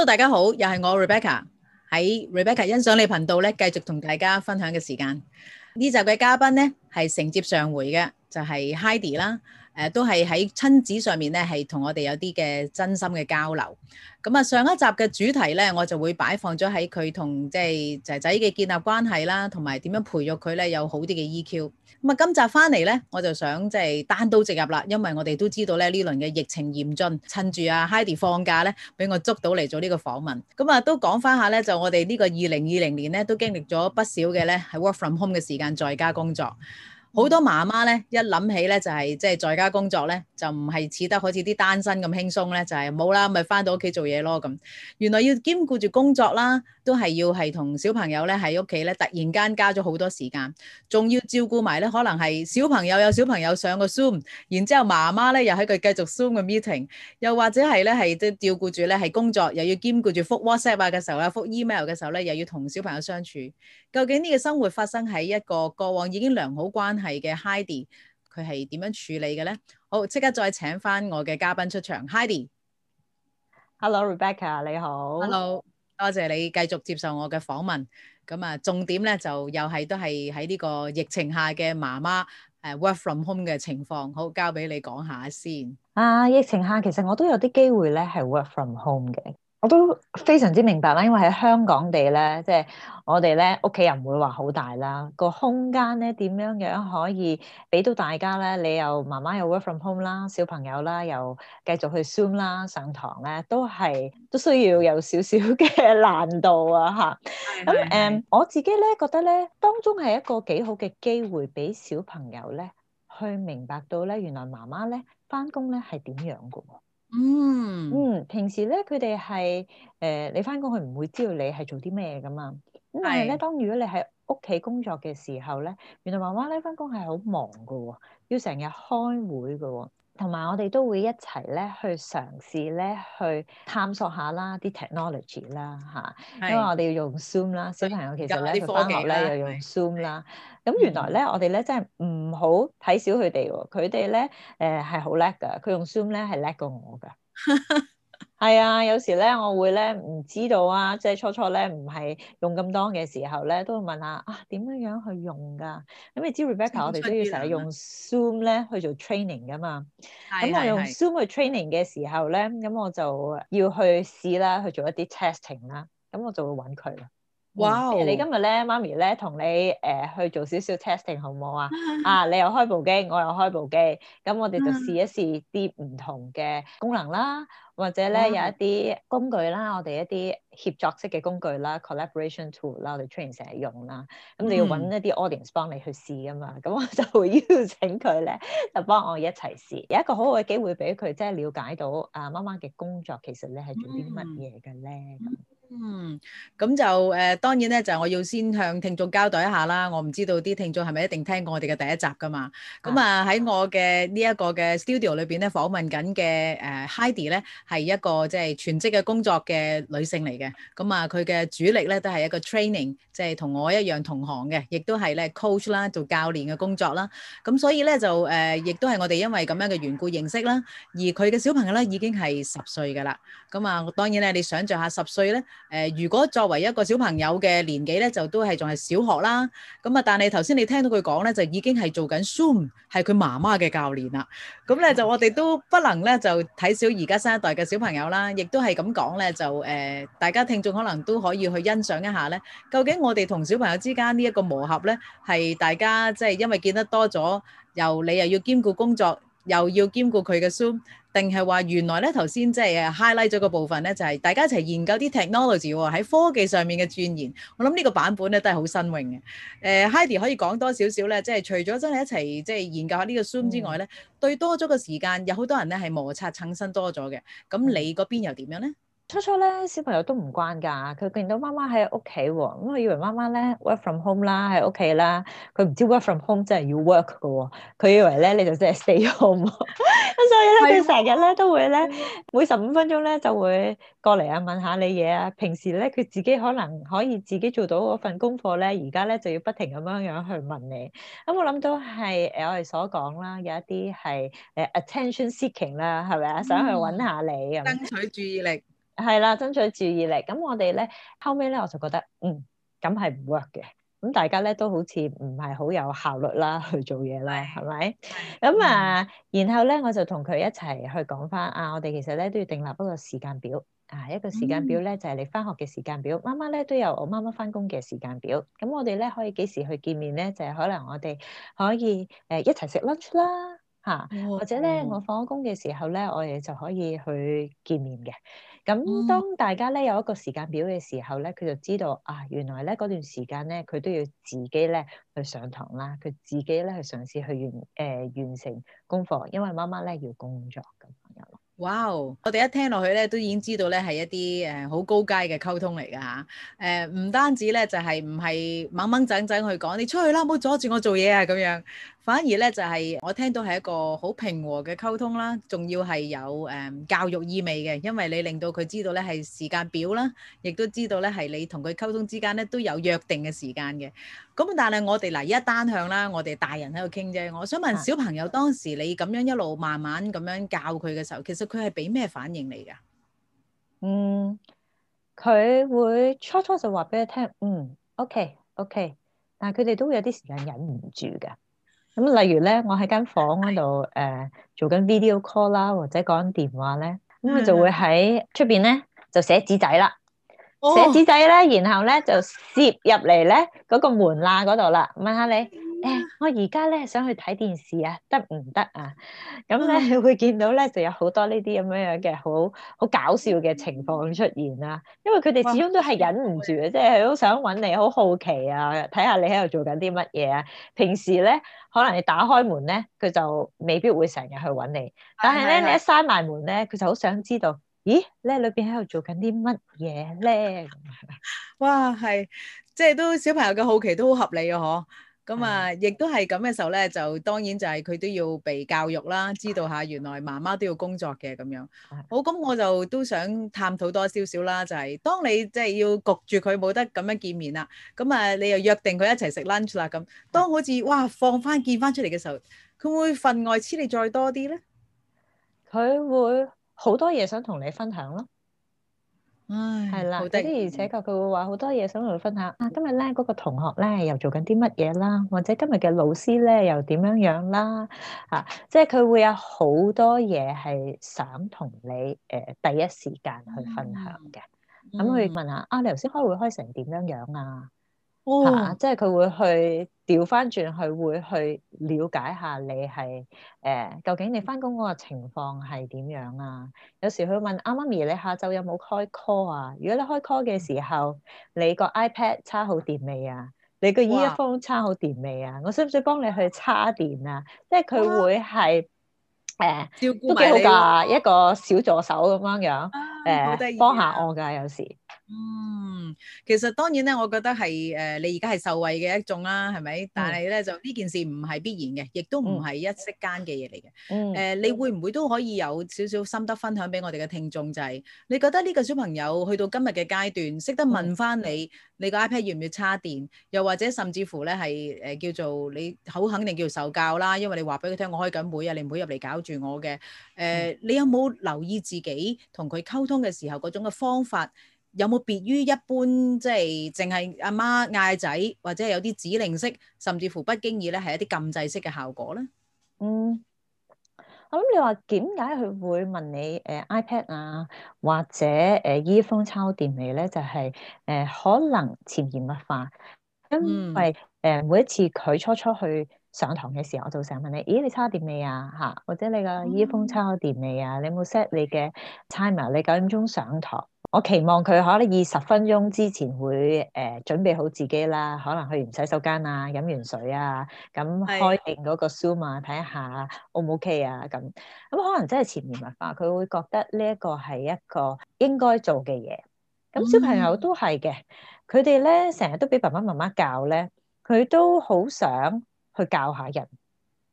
Hello 大家好，又係我 Rebecca 喺 Rebecca 欣賞你頻道咧，繼續同大家分享嘅時間。呢集嘅嘉賓咧係承接上回嘅，就係 Heidi 啦。誒都係喺親子上面咧，係同我哋有啲嘅真心嘅交流。咁啊，上一集嘅主題咧，我就會擺放咗喺佢同即係仔仔嘅建立關係啦，同埋點樣培育佢咧有好啲嘅 EQ。咁啊，今集翻嚟咧，我就想即係單刀直入啦，因為我哋都知道咧呢輪嘅疫情嚴峻，趁住啊 Heidi 放假咧，俾我捉到嚟做呢個訪問。咁啊，都講翻下咧，就我哋呢個二零二零年咧，都經歷咗不少嘅咧喺 Work From Home 嘅時間，在家工作。好多媽媽咧，一諗起咧就係即係在家工作咧，就唔係似得好似啲單身咁輕鬆咧，就係冇啦，咪翻到屋企做嘢咯咁。原來要兼顧住工作啦，都係要係同小朋友咧喺屋企咧，突然間加咗好多時間，仲要照顧埋咧，可能係小朋友有小朋友上個 Zoom，然之後媽媽咧又喺佢繼續 Zoom 嘅 meeting，又或者係咧係都照顧住咧係工作，又要兼顧住復 WhatsApp 嘅時候，復 email 嘅時候咧，又要同小朋友相處。究竟呢個生活發生喺一個過往已經良好關？係嘅，Heidi，佢係點樣處理嘅咧？好，即刻再請翻我嘅嘉賓出場，Heidi。Hello，Rebecca，你好。Hello，多謝你繼續接受我嘅訪問。咁啊，重點咧，就又係都係喺呢個疫情下嘅媽媽誒，work from home 嘅情況，好，交俾你講下先。啊，uh, 疫情下其實我都有啲機會咧係 work from home 嘅。我都非常之明白啦，因為喺香港地咧，即係我哋咧屋企又唔會話好大啦，個空間咧點樣樣可以俾到大家咧？你又媽媽又 work from home 啦，小朋友啦又繼續去 Zoom 啦上堂咧，都係都需要有少少嘅難度啊吓。咁嗯，我自己咧覺得咧當中係一個幾好嘅機會，俾小朋友咧去明白到咧，原來媽媽咧翻工，咧係點樣噶嗯嗯，平時咧佢哋係誒，你翻工佢唔會知道你係做啲咩噶嘛。咁但係咧，是的當如果你喺屋企工作嘅時候咧，原來媽媽咧翻工係好忙噶，要成日開會噶。同埋我哋都會一齊咧去嘗試咧去探索下啦啲 technology 啦嚇，是因為我哋要用 Zoom 啦，以小朋友其實咧返學咧又用 Zoom 啦，咁的原來咧的我哋咧真係唔好睇小佢哋喎，佢哋咧誒係好叻㗎，佢用 Zoom 咧係叻過我㗎。 係 啊，有時咧我會咧唔知道啊，即係初初咧唔係用咁多嘅時候咧，都會問下啊，點樣樣去用噶？咁你知 Rebecca，我哋都要成日用 Zoom 咧去做 training 噶嘛？咁我用 Zoom 去 training 嘅時候咧，咁我就要去試啦，去做一啲 testing 啦，咁我就會揾佢。哇 Wow,、嗯呃、你今日咧，媽咪咧同你、呃、去做少少 testing 好唔好啊？嗯、啊，你又開部機，我又開部機，咁我哋就試一試啲唔同嘅功能啦，或者咧、嗯、有一啲工具啦，我哋一啲協作式嘅工具啦，collaboration tool 啦，我哋成日用啦。咁你要揾一啲 audience 幫你去試啊嘛。咁、嗯、我就會邀請佢咧，就幫我一齊試。有一個好好嘅機會俾佢，即、就、係、是、了解到啊，媽媽嘅工作其實咧係做啲乜嘢嘅咧咁。嗯嗯，咁就誒、呃，當然咧，就我要先向聽眾交代一下啦。我唔知道啲聽眾係咪一定聽過我哋嘅第一集噶嘛？咁啊喺我嘅呢、呃、呢一個嘅 studio 裏邊咧，訪問緊嘅誒，Heidi 咧係一個即係全職嘅工作嘅女性嚟嘅。咁啊，佢嘅主力咧都係一個 training，即係同我一樣同行嘅，亦都係咧 coach 啦，做教練嘅工作啦。咁所以咧就誒，亦都係我哋因為咁樣嘅緣故認識啦。而佢嘅小朋友咧已經係十歲噶啦。咁啊，當然咧，你想象下十歲咧。誒，如果作為一個小朋友嘅年紀咧，就都係仲係小學啦。咁啊，但係頭先你聽到佢講咧，就已經係做緊 Zoom，係佢媽媽嘅教練啦。咁咧就我哋都不能咧就睇小而家新一代嘅小朋友啦。亦都係咁講咧就誒，大家聽眾可能都可以去欣賞一下咧。究竟我哋同小朋友之間呢一個磨合咧，係大家即係因為見得多咗，由你又要兼顧工作。又要兼顧佢嘅 Zoom 定係話原來咧頭先即係 highlight 咗個部分咧，就係大家一齊研究啲 technology 喺科技上面嘅轉變。我諗呢個版本咧都係好新穎嘅。誒，uh，Hadi 可以講多少少咧？即係除咗真係一齊即係研究下呢個 Zoom 之外咧，嗯，對多咗個時間，有好多人咧係摩擦蹭身多咗嘅。咁你嗰邊又點樣咧？初初咧，小朋友都唔慣㗎，佢見到媽媽喺屋企喎，咁我以為媽媽咧 work from home 啦，喺屋企啦，佢唔知 work from home 真係要 work 㗎喎，佢以為咧你就即係 stay home，咁 所以咧佢成日咧都會咧、啊、每十五分鐘咧就會過嚟啊問，問下你嘢啊，平時咧佢自己可能可以自己做到嗰份功課咧，而家咧就要不停咁樣樣去問你，咁我諗到係誒我哋所講啦，有一啲係誒 attention seeking 啦，係咪啊，想去揾下你啊，爭取、嗯、那麼 注意力。係啦，爭取注意力。咁我哋咧後尾咧，我就覺得嗯，咁係唔 work 嘅。咁大家咧都好似唔係好有效率啦，去做嘢啦，係咪？咁啊，然後咧我就同佢一齊去講翻啊，我哋其實咧都要訂立一個時間表啊，一個時間表咧就係你翻學嘅時間表。媽媽咧都有我媽媽翻工嘅時間表。咁我哋咧可以幾時去見面咧？就係可能我哋可以誒一齊食 lunch 啦。嚇，或者咧，我放工嘅時候咧，我哋就可以去見面嘅。咁當大家咧有一個時間表嘅時候咧，佢就知道啊，原來咧嗰段時間咧，佢都要自己咧去上堂啦，佢自己咧去嘗試去完誒、呃、完成功課，因為媽媽咧要工作咁樣。哇、wow，我哋一聽落去咧，都已經知道咧係一啲誒好高階嘅溝通嚟㗎嚇。誒、呃、唔單止咧就係唔係掹掹整整去講，你出去啦，唔好阻住我做嘢啊咁樣。反而咧，就係、是、我聽到係一個好平和嘅溝通啦，仲要係有誒、嗯、教育意味嘅，因為你令到佢知道咧係時間表啦，亦都知道咧係你同佢溝通之間咧都有約定嘅時間嘅。咁但係我哋嗱，而家單向啦，我哋大人喺度傾啫。我想問小朋友，當時你咁樣一路慢慢咁樣教佢嘅時候，其實佢係俾咩反應嚟噶？嗯，佢會初初就話俾你聽，嗯，OK，OK，okay, okay, 但係佢哋都會有啲時間忍唔住噶。咁例如咧，我喺間房嗰度，誒、呃，做緊 video call 啦，或者講緊電話咧，咁佢就會喺出邊咧就寫紙仔啦，寫紙、哦、仔咧，然後咧就攝入嚟咧嗰個門罅嗰度啦，問下你。誒、欸，我而家咧想去睇電視啊，得唔得啊？咁咧會見到咧就有好多呢啲咁樣樣嘅好好搞笑嘅情況出現啊。因為佢哋始終都係忍唔住啊，即係好想揾你，好好奇啊，睇下你喺度做緊啲乜嘢啊。平時咧可能你打開門咧，佢就未必會成日去揾你。但係咧你一閂埋門咧，佢就好想知道，咦，咧裏邊喺度做緊啲乜嘢咧？哇，係，即係都小朋友嘅好奇都好合理啊，嗬。咁啊，亦都係咁嘅時候咧，就當然就係佢都要被教育啦，知道下原來媽媽都要工作嘅咁樣。好的，咁我就都想探討多少少啦，就係、是、當你即係要焗住佢冇得咁樣見面啦，咁啊，你又約定佢一齊食 lunch 啦咁。當好似的哇放翻見翻出嚟嘅時候，佢會份外黐你再多啲咧？佢會好多嘢想同你分享咯。係啦，而且佢佢會話好多嘢，想同佢分享。啊，今日咧，嗰個同學咧又做緊啲乜嘢啦？或者今日嘅老師咧又點樣樣啦？啊，即係佢會有好多嘢係想同你誒、呃、第一時間去分享嘅。咁佢，mm hmm. 問下，啊，你頭先開會開成點樣樣啊？吓、哦啊，即係佢會去調翻轉去，會去了解一下你係誒、欸，究竟你翻工嗰個情況係點樣啊？有時佢問阿媽、啊、咪，你下晝有冇開 call 啊？如果你開 call 嘅時候，嗯、你個 iPad 插好電未啊？你個耳 phone 插好電未啊？哇我需唔需要幫你去叉電啊？即係佢會係誒，照顧都幾好噶，了一個小助手咁樣樣，誒、啊，幫、欸、下我噶有時。嗯，其實當然咧，我覺得係誒、呃，你而家係受惠嘅一種啦，係咪？嗯、但係咧就呢件事唔係必然嘅，亦都唔係一息間嘅嘢嚟嘅。誒、嗯呃，你會唔會都可以有少少心得分享俾我哋嘅聽眾？就係、是、你覺得呢個小朋友去到今日嘅階段，識得問翻你，你個 iPad 要唔要叉電？又或者甚至乎咧係誒叫做你好肯定叫受教啦，因為你話俾佢聽，我開緊會啊，你唔好入嚟搞住我嘅。誒、呃，你有冇留意自己同佢溝通嘅時候嗰種嘅方法？有冇別於一般，即係淨係阿媽嗌仔，或者有啲指令式，甚至乎不經意咧係一啲禁制式嘅效果咧？嗯，我諗你話點解佢會問你誒 iPad 啊，或者誒 earphone 叉電未咧？就係、是、誒、呃、可能潛移默化，因為誒每一次佢初初去上堂嘅時候，我就成日問你：咦，你叉電未啊？嚇，或者你個 earphone 叉電未啊？你有冇 set 你嘅 timer 你九點鐘上堂。我期望佢可能二十分鐘之前會誒準備好自己啦，可能去完洗手間啊，飲完水啊，咁開定嗰個 Zoom 啊，睇下 O 唔 OK 啊，咁咁可能真係潛移默化，佢會覺得呢一個係一個應該做嘅嘢。咁小朋友都係嘅，佢哋咧成日都俾爸爸媽媽教咧，佢都好想去教下人。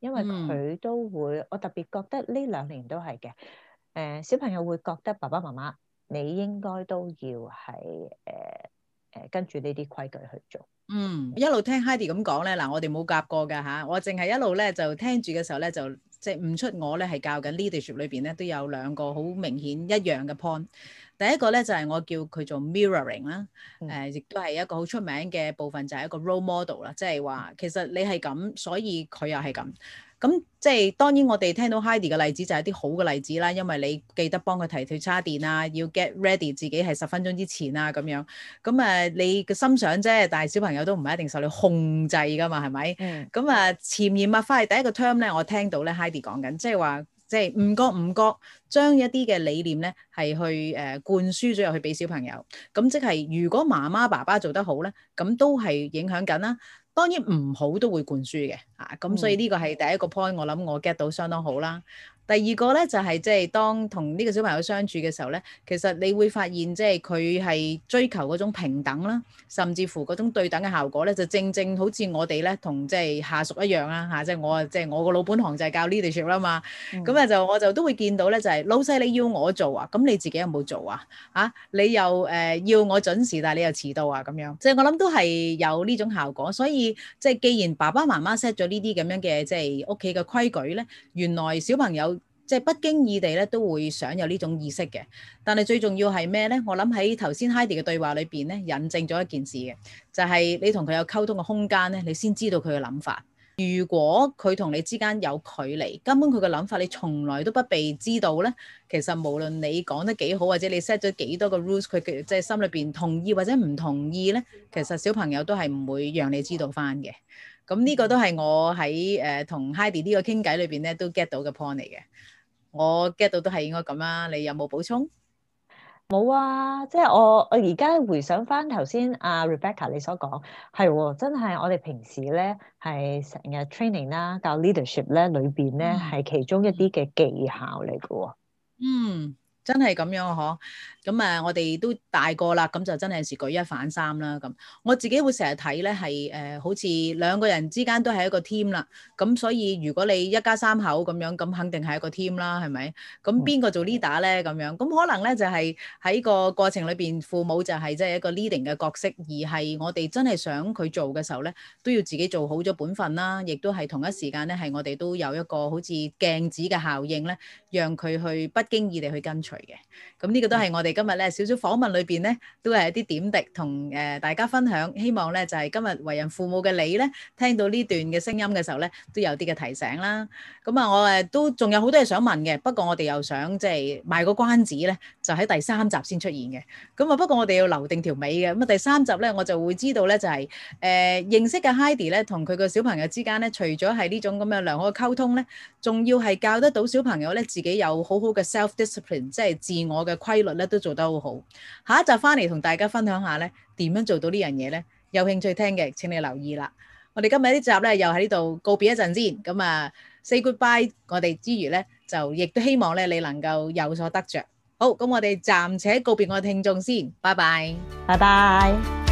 因為佢都會，嗯、我特別覺得呢兩年都係嘅，誒、呃、小朋友會覺得爸爸媽媽，你應該都要係誒誒跟住呢啲規矩去做。嗯，一路聽 Heidi 咁講咧，嗱，我哋冇夾過噶吓，我淨係一路咧就聽住嘅時候咧就。即唔出我咧，係教緊 leadership 裏邊咧，都有兩個好明顯一樣嘅 point。第一個咧就係我叫佢做 mirroring 啦，嗯，誒亦都係一個好出名嘅部分，就係一個 role model 啦，即係話其實你係咁，所以佢又係咁。咁即係當然，我哋聽到 Heidi 嘅例子就係啲好嘅例子啦，因為你記得幫佢提退叉電啊，要 get ready，自己係十分鐘之前啊咁樣。咁啊，你嘅心想啫，但係小朋友都唔一定受你控制㗎嘛，係咪？咁啊、嗯，潛移默化係第一個 term 咧，我聽到咧 Heidi 講緊，即係話即係唔覺唔覺將一啲嘅理念咧係去誒灌輸咗入去俾小朋友。咁即係如果媽媽爸爸做得好咧，咁都係影響緊啦。當然唔好都會灌輸嘅，咁所以呢個係第一個 point，嗯、我諗我 get 到相當好啦。第二個咧就係即係當同呢個小朋友相處嘅時候咧，其實你會發現即係佢係追求嗰種平等啦，甚至乎嗰種對等嘅效果咧，就正正好似我哋咧同即係下屬一樣啊嚇，即係我啊即係我個老本行就係教 leadership 啦嘛，咁啊、嗯、就我就都會見到咧就係老細你要我做啊，咁你自己有冇做啊？啊，你又、呃、要我準時，但係你又遲到啊咁樣，即係我諗都係有呢種效果，所以即係既然爸爸媽媽 set 咗呢啲咁樣嘅即係屋企嘅規矩咧，原來小朋友。即係不經意地咧，都會想有呢種意識嘅。但係最重要係咩呢？我諗喺頭先 Heidi 嘅對話裏邊咧，引證咗一件事嘅，就係你同佢有溝通嘅空間咧，你先知道佢嘅諗法。如果佢同你之間有距離，根本佢嘅諗法你從來都不被知道呢。其實無論你講得幾好，或者你 set 咗幾多個 rules，佢嘅即係心裏邊同意或者唔同意呢，其實小朋友都係唔會讓你知道翻嘅。咁呢個都係我喺誒同 Heidi 呢個傾偈裏邊咧都 get 到嘅 point 嚟嘅。我 get 到都係應該咁啦，你有冇補充？冇啊，即係我我而家回想翻頭先阿 Rebecca 你所講係，真係我哋平時咧係成日 training 啦，training，教 leadership 咧裏邊咧係其中一啲嘅技巧嚟嘅喎。嗯，真係咁樣啊，嗬。咁啊，我哋都大個啦，咁就真係時舉一反三啦。咁我自己會成日睇咧，係誒、呃，好似兩個人之間都係一個 team 啦。咁所以如果你一家三口咁樣，咁肯定係一個 team 啦，係咪？咁邊個做 leader 咧？咁樣咁可能咧就係、是、喺個過程裏邊，父母就係即係一個 leading 嘅角色，而係我哋真係想佢做嘅時候咧，都要自己做好咗本分啦，亦都係同一時間咧，係我哋都有一個好似鏡子嘅效應咧，讓佢去不經意地去跟隨嘅。咁呢個都係我哋。今日咧少少訪問裏邊咧，都係一啲點滴同誒、呃、大家分享。希望咧就係、是、今日為人父母嘅你咧，聽到呢段嘅聲音嘅時候咧，都有啲嘅提醒啦。咁啊，我誒都仲有好多嘢想問嘅，不過我哋又想即係、就是、賣個關子咧，就喺第三集先出現嘅。咁啊，不過我哋要留定條尾嘅。咁啊，第三集咧，我就會知道咧，就係、是、誒、呃、認識嘅 Hedy 咧，同佢個小朋友之間咧，除咗係呢種咁嘅良好嘅溝通咧，仲要係教得到小朋友咧，自己有很好好嘅 self discipline，即係自我嘅規律咧，都。做得好好，下一集翻嚟同大家分享下呢，點樣做到呢樣嘢呢？有興趣聽嘅請你留意啦。我哋今日呢集呢，又喺呢度告別一陣先，咁啊，say goodbye。我哋之餘呢，就亦都希望呢你能夠有所得着。好，咁我哋暫且告別我嘅聽眾先，拜拜，拜拜。